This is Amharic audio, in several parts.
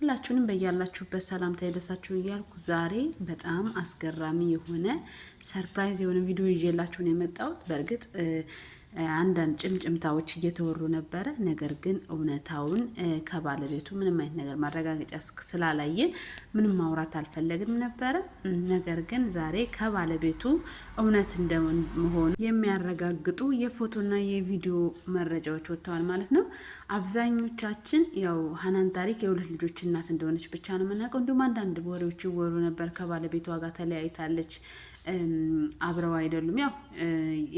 ሁላችሁንም በያላችሁበት ሰላምታ ይድረሳችሁ እያልኩ ዛሬ በጣም አስገራሚ የሆነ ሰርፕራይዝ የሆነ ቪዲዮ ይዤላችሁ ነው የመጣሁት በእርግጥ አንዳንድ ጭምጭምታዎች እየተወሩ ነበረ። ነገር ግን እውነታውን ከባለቤቱ ምንም አይነት ነገር ማረጋገጫ ስላላየ ምንም ማውራት አልፈለግንም ነበረ። ነገር ግን ዛሬ ከባለቤቱ እውነት እንደመሆኑ የሚያረጋግጡ የፎቶና የቪዲዮ መረጃዎች ወጥተዋል ማለት ነው። አብዛኞቻችን ያው ሀናን ታሪክ የሁለት ልጆች እናት እንደሆነች ብቻ ነው የምናውቀው። እንዲሁም አንዳንድ ወሬዎች ይወሩ ነበር። ከባለቤቷ ጋር ተለያይታለች፣ አብረው አይደሉም። ያው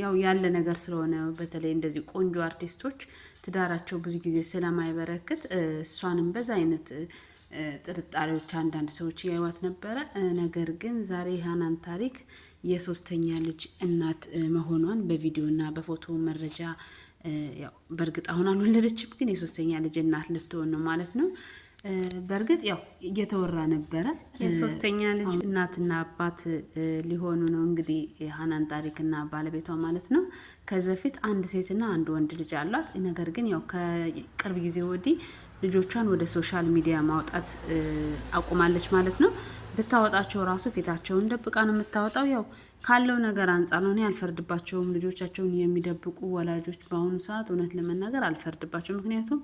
ያው ያለ ነገር ስለሆነ በተለይ እንደዚህ ቆንጆ አርቲስቶች ትዳራቸው ብዙ ጊዜ ስለማይበረክት እሷንም በዛ አይነት ጥርጣሬዎች አንዳንድ ሰዎች ያዩዋት ነበረ። ነገር ግን ዛሬ የሀናን ታሪክ የሶስተኛ ልጅ እናት መሆኗን በቪዲዮና በፎቶ መረጃ በእርግጥ አሁን አልወለደችም፣ ግን የሶስተኛ ልጅ እናት ልትሆን ነው ማለት ነው። በእርግጥ ያው እየተወራ ነበረ። የሶስተኛ ልጅ እናትና አባት ሊሆኑ ነው እንግዲህ ሀናን ታሪክና ባለቤቷ ማለት ነው። ከዚህ በፊት አንድ ሴትና አንድ ወንድ ልጅ አሏት። ነገር ግን ያው ከቅርብ ጊዜ ወዲህ ልጆቿን ወደ ሶሻል ሚዲያ ማውጣት አቁማለች ማለት ነው። ብታወጣቸው ራሱ ፊታቸውን ደብቃ ነው የምታወጣው። ያው ካለው ነገር አንጻር ነው። እኔ አልፈርድባቸውም። ልጆቻቸውን የሚደብቁ ወላጆች በአሁኑ ሰዓት እውነት ለመናገር አልፈርድባቸው። ምክንያቱም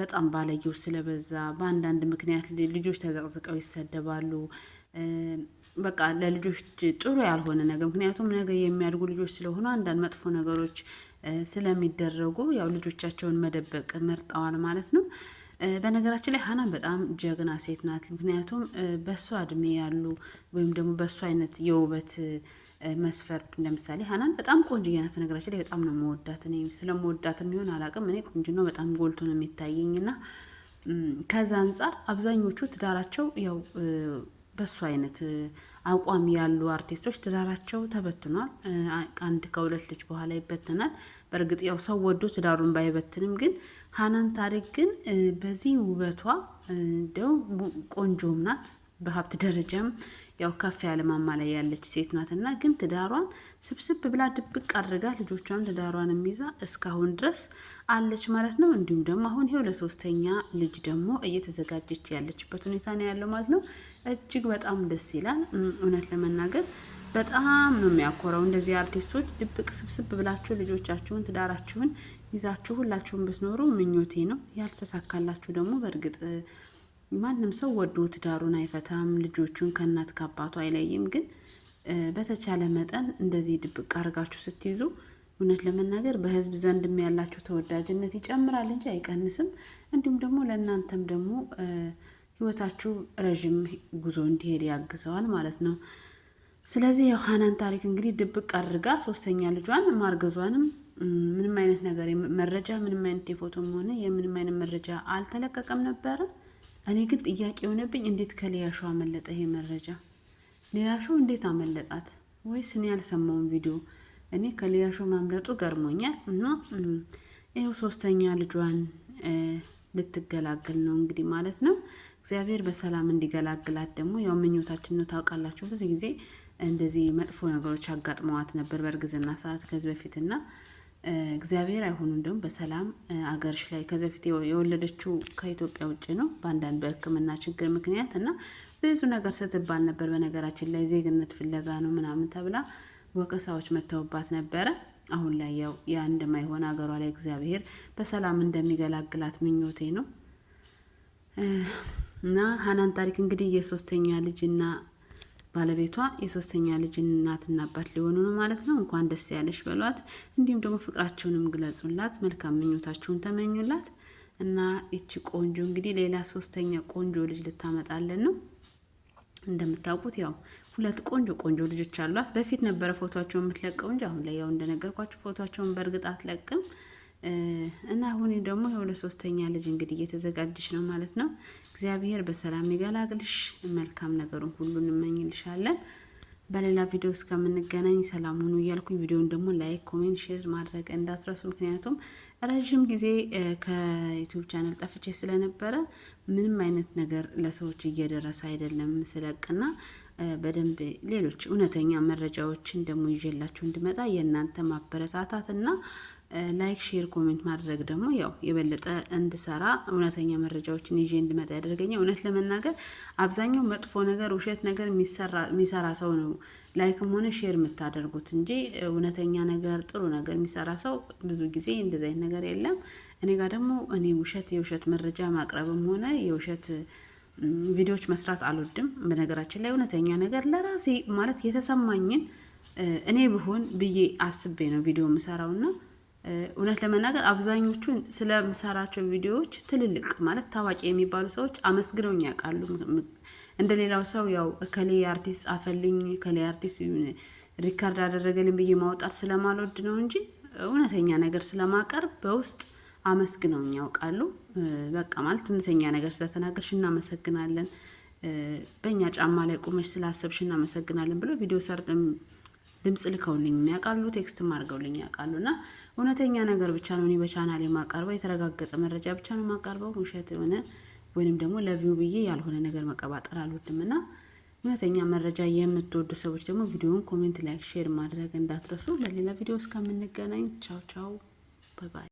በጣም ባለጌው ስለበዛ በአንዳንድ ምክንያት ልጆች ተዘቅዝቀው ይሰደባሉ። በቃ ለልጆች ጥሩ ያልሆነ ነገር ምክንያቱም ነገ የሚያድጉ ልጆች ስለሆኑ አንዳንድ መጥፎ ነገሮች ስለሚደረጉ ያው ልጆቻቸውን መደበቅ መርጠዋል ማለት ነው። በነገራችን ላይ ሀናን በጣም ጀግና ሴት ናት። ምክንያቱም በእሷ እድሜ ያሉ ወይም ደግሞ በእሷ አይነት የውበት መስፈርት ለምሳሌ ሀናን በጣም ቆንጅዬ ናት። በነገራችን ላይ በጣም ነው መወዳት ስለመወዳት የሚሆን አላውቅም። እኔ ነው በጣም ጎልቶ ነው የሚታየኝና ከዛ አንጻር አብዛኞቹ ትዳራቸው ያው በሱ አይነት አቋም ያሉ አርቲስቶች ትዳራቸው ተበትኗል። አንድ ከሁለት ልጅ በኋላ ይበትናል። በእርግጥ ያው ሰው ወዶ ትዳሩን ባይበትንም ግን ሀናን ታሪክ ግን በዚህ ውበቷ እንዲያው ቆንጆም ናት። በሀብት ደረጃም ያው ከፍ ያለ ማማ ላይ ያለች ሴት ናት እና ግን ትዳሯን ስብስብ ብላ ድብቅ አድርጋ ልጆቿን ትዳሯን የሚይዛ እስካሁን ድረስ አለች ማለት ነው። እንዲሁም ደግሞ አሁን ይኸው ለሶስተኛ ልጅ ደግሞ እየተዘጋጀች ያለችበት ሁኔታ ነው ያለው ማለት ነው። እጅግ በጣም ደስ ይላል። እውነት ለመናገር በጣም ነው የሚያኮረው። እንደዚህ አርቲስቶች ድብቅ ስብስብ ብላችሁ ልጆቻችሁን፣ ትዳራችሁን ይዛችሁ ሁላችሁን ብትኖሩ ምኞቴ ነው። ያልተሳካላችሁ ደግሞ በእርግጥ ማንም ሰው ወዶ ትዳሩን አይፈታም፣ ልጆቹን ከእናት ከአባቱ አይለይም። ግን በተቻለ መጠን እንደዚህ ድብቅ አድርጋችሁ ስትይዙ እውነት ለመናገር በህዝብ ዘንድም ያላችሁ ተወዳጅነት ይጨምራል እንጂ አይቀንስም። እንዲሁም ደግሞ ለእናንተም ደግሞ ህይወታችሁ ረዥም ጉዞ እንዲሄድ ያግዘዋል ማለት ነው። ስለዚህ የዮሐናን ታሪክ እንግዲህ ድብቅ አድርጋ ሶስተኛ ልጇን ማርገዟንም ምንም አይነት ነገር መረጃ ምንም አይነት የፎቶም ሆነ የምንም አይነት መረጃ አልተለቀቀም ነበረ። እኔ ግን ጥያቄ የሆነብኝ እንዴት ከሊያሾ አመለጠ ይሄ መረጃ? ሊያሾ እንዴት አመለጣት? ወይስ እኔ ያልሰማውን ቪዲዮ እኔ ከሊያሾ ማምለጡ ገርሞኛል። እና ይኸው ሶስተኛ ልጇን ልትገላገል ነው እንግዲህ ማለት ነው። እግዚአብሔር በሰላም እንዲገላግላት ደግሞ ያው ምኞታችን ነው። ታውቃላችሁ ብዙ ጊዜ እንደዚህ መጥፎ ነገሮች አጋጥመዋት ነበር በእርግዝና ሰዓት ከዚህ በፊትና እግዚአብሔር አይሆኑ እንዲሁም በሰላም አገርሽ ላይ ከዚህ በፊት የወለደችው ከኢትዮጵያ ውጭ ነው በአንዳንድ በሕክምና ችግር ምክንያት እና ብዙ ነገር ስትባል ነበር። በነገራችን ላይ ዜግነት ፍለጋ ነው ምናምን ተብላ ወቀሳዎች መተውባት ነበረ። አሁን ላይ ያው ያ እንደማይሆን ሀገሯ ላይ እግዚአብሔር በሰላም እንደሚገላግላት ምኞቴ ነው እና ሀናን ታሪክ እንግዲህ የሶስተኛ ልጅና ባለቤቷ የሶስተኛ ልጅ እናትና አባት ሊሆኑ ነው ማለት ነው። እንኳን ደስ ያለሽ በሏት። እንዲሁም ደግሞ ፍቅራችሁንም ግለጹላት፣ መልካም ምኞታችሁን ተመኙላት እና ይቺ ቆንጆ እንግዲህ ሌላ ሶስተኛ ቆንጆ ልጅ ልታመጣለን ነው እንደምታውቁት ያው ሁለት ቆንጆ ቆንጆ ልጆች አሏት። በፊት ነበረ ፎቶቸውን የምትለቀው እንጂ አሁን ላይ ያው እንደነገርኳቸው ፎቶቸውን በእርግጥ አትለቅም እና አሁን ደግሞ የሁለት ሶስተኛ ልጅ እንግዲህ እየተዘጋጀች ነው ማለት ነው። እግዚአብሔር በሰላም ይገላግልሽ፣ መልካም ነገሩን ሁሉ እንመኝልሻለን። በሌላ ቪዲዮ እስከምንገናኝ ሰላም ሁኑ እያልኩኝ ቪዲዮውን ደግሞ ላይክ፣ ኮሜንት፣ ሼር ማድረግ እንዳትረሱ። ምክንያቱም ረዥም ጊዜ ከዩቱብ ቻናል ጠፍቼ ስለነበረ ምንም አይነት ነገር ለሰዎች እየደረሰ አይደለም ስለቅና በደንብ ሌሎች እውነተኛ መረጃዎችን ደግሞ ይዤላችሁ እንድመጣ የእናንተ ማበረታታት እና ላይክ፣ ሼር፣ ኮሜንት ማድረግ ደግሞ ያው የበለጠ እንድሰራ እውነተኛ መረጃዎችን ይዤ እንድመጣ ያደርገኛል። እውነት ለመናገር አብዛኛው መጥፎ ነገር፣ ውሸት ነገር የሚሰራ ሰው ነው ላይክም ሆነ ሼር የምታደርጉት እንጂ እውነተኛ ነገር፣ ጥሩ ነገር የሚሰራ ሰው ብዙ ጊዜ እንደዚህ አይነት ነገር የለም። እኔ ጋር ደግሞ እኔ ውሸት የውሸት መረጃ ማቅረብም ሆነ የውሸት ቪዲዮዎች መስራት አልወድም። በነገራችን ላይ እውነተኛ ነገር ለራሴ ማለት የተሰማኝን እኔ ብሆን ብዬ አስቤ ነው ቪዲዮ የምሰራው እና እውነት ለመናገር አብዛኞቹን ስለምሰራቸው ቪዲዮዎች ትልልቅ ማለት ታዋቂ የሚባሉ ሰዎች አመስግነውኝ ያውቃሉ። እንደ ሌላው ሰው ያው እከሌ አርቲስት ጻፈልኝ፣ እከሌ አርቲስት ሪካርድ አደረገልኝ ብዬ ማውጣት ስለማልወድ ነው እንጂ እውነተኛ ነገር ስለማቀርብ በውስጥ አመስግነውኝ ያውቃሉ። በቃ ማለት እውነተኛ ነገር ስለተናገርሽ እናመሰግናለን፣ በእኛ ጫማ ላይ ቁመሽ ስላሰብሽ እናመሰግናለን ብሎ ቪዲዮ ሰር ድምፅ ልከውልኝ ያውቃሉ፣ ቴክስትም አድርገውልኝ ያውቃሉ። እና እውነተኛ ነገር ብቻ ነው እኔ በቻናል የማቀርበው፣ የተረጋገጠ መረጃ ብቻ ነው የማቀርበው። ውሸት የሆነ ወይንም ደግሞ ለቪው ብዬ ያልሆነ ነገር መቀባጠር አልወድም እና እውነተኛ መረጃ የምትወዱ ሰዎች ደግሞ ቪዲዮውን ኮሜንት፣ ላይክ፣ ሼር ማድረግ እንዳትረሱ። ለሌላ ቪዲዮ እስከምንገናኝ ቻው ቻው ባይ።